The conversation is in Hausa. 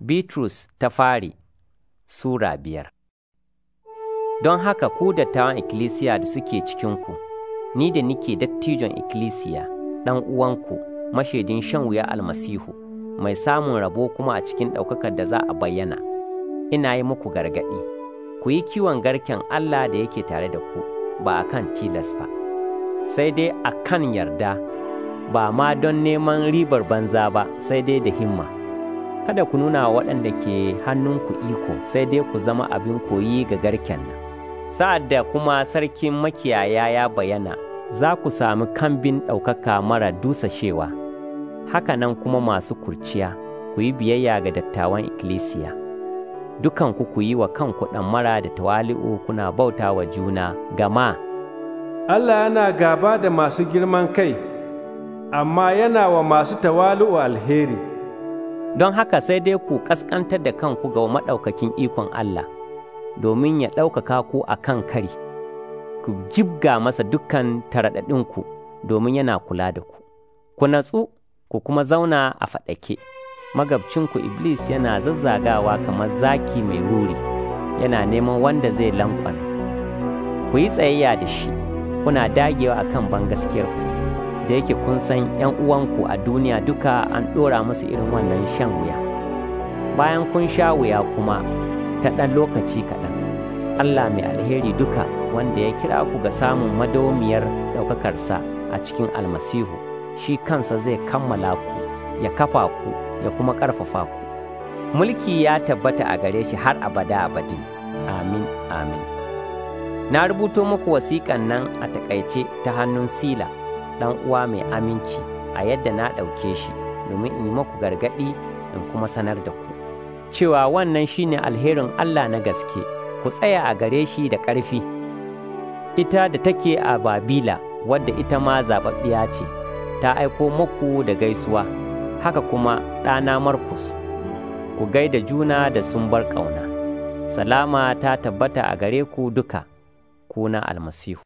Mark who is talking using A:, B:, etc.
A: Bitrus ta fari Sura biyar Don haka ku dattawan ikkilisiya da suke cikinku, ni da nike dattijon ikkilisiya, ɗan uwanku, mashaidin shan wuya almasihu, mai samun rabo kuma a cikin ɗaukakar da za a bayyana, ina yi muku gargaɗi, ku yi kiwon garken Allah da yake tare da ku, ba a kan tilas ba, sai dai a kan yarda, ba ma don neman ribar banza ba, sai dai da himma. kada ku nuna waɗanda ke hannun ku iko sai dai ku zama abin koyi ga garken nan sa'ad da kuma sarkin makiyaya ya bayyana. za ku sami kambin ɗaukaka mara dusashewa haka nan kuma masu kurciya ku yi biyayya ga dattawan ikkilisiya dukanku ku yi wa kanku mara da tawali'u kuna bauta wa juna gama Allah yana gaba da masu girman kai amma yana wa masu tawali'u alheri don haka sai dai ku ƙasƙantar da kanku ga maɗaukakin ikon Allah, domin ya ɗaukaka ku a kan kari, ku jibga masa dukkan taraɗaɗinku domin yana kula da ku. Ku natsu, ku kuma zauna a faɗake. Magabcinku Iblis yana zazzagawa kamar zaki mai ruri, yana neman wanda zai lankwana. Ku yi tsayayya da shi, kuna dagewa a akan bangaskiyarku. da yake kun san 'yan uwanku a duniya duka an ɗora musu irin wannan shan wuya bayan kun sha wuya kuma ta ɗan lokaci kaɗan allah mai alheri duka wanda ya kira ku ga samun madomiyar ɗaukakarsa a cikin almasihu shi kansa zai kammala ku ya kafa ku ya kuma ƙarfafa ku mulki ya tabbata a gare shi har abada abadin amin amin na rubuto muku wasiƙan nan a takaice ta hannun sila ɗan uwa mai aminci a yadda na ɗauke shi domin in yi maku gargaɗi in kuma sanar da ku cewa wannan shine alherin Allah na gaske ku tsaya a gare shi da ƙarfi ita da take a babila wadda ita ma zaɓaɓɓiya ce ta aiko maku da gaisuwa haka kuma ɗana markus ku gaida juna da sun bar ƙauna salama ta tabbata a gare ku duka kuna almasihu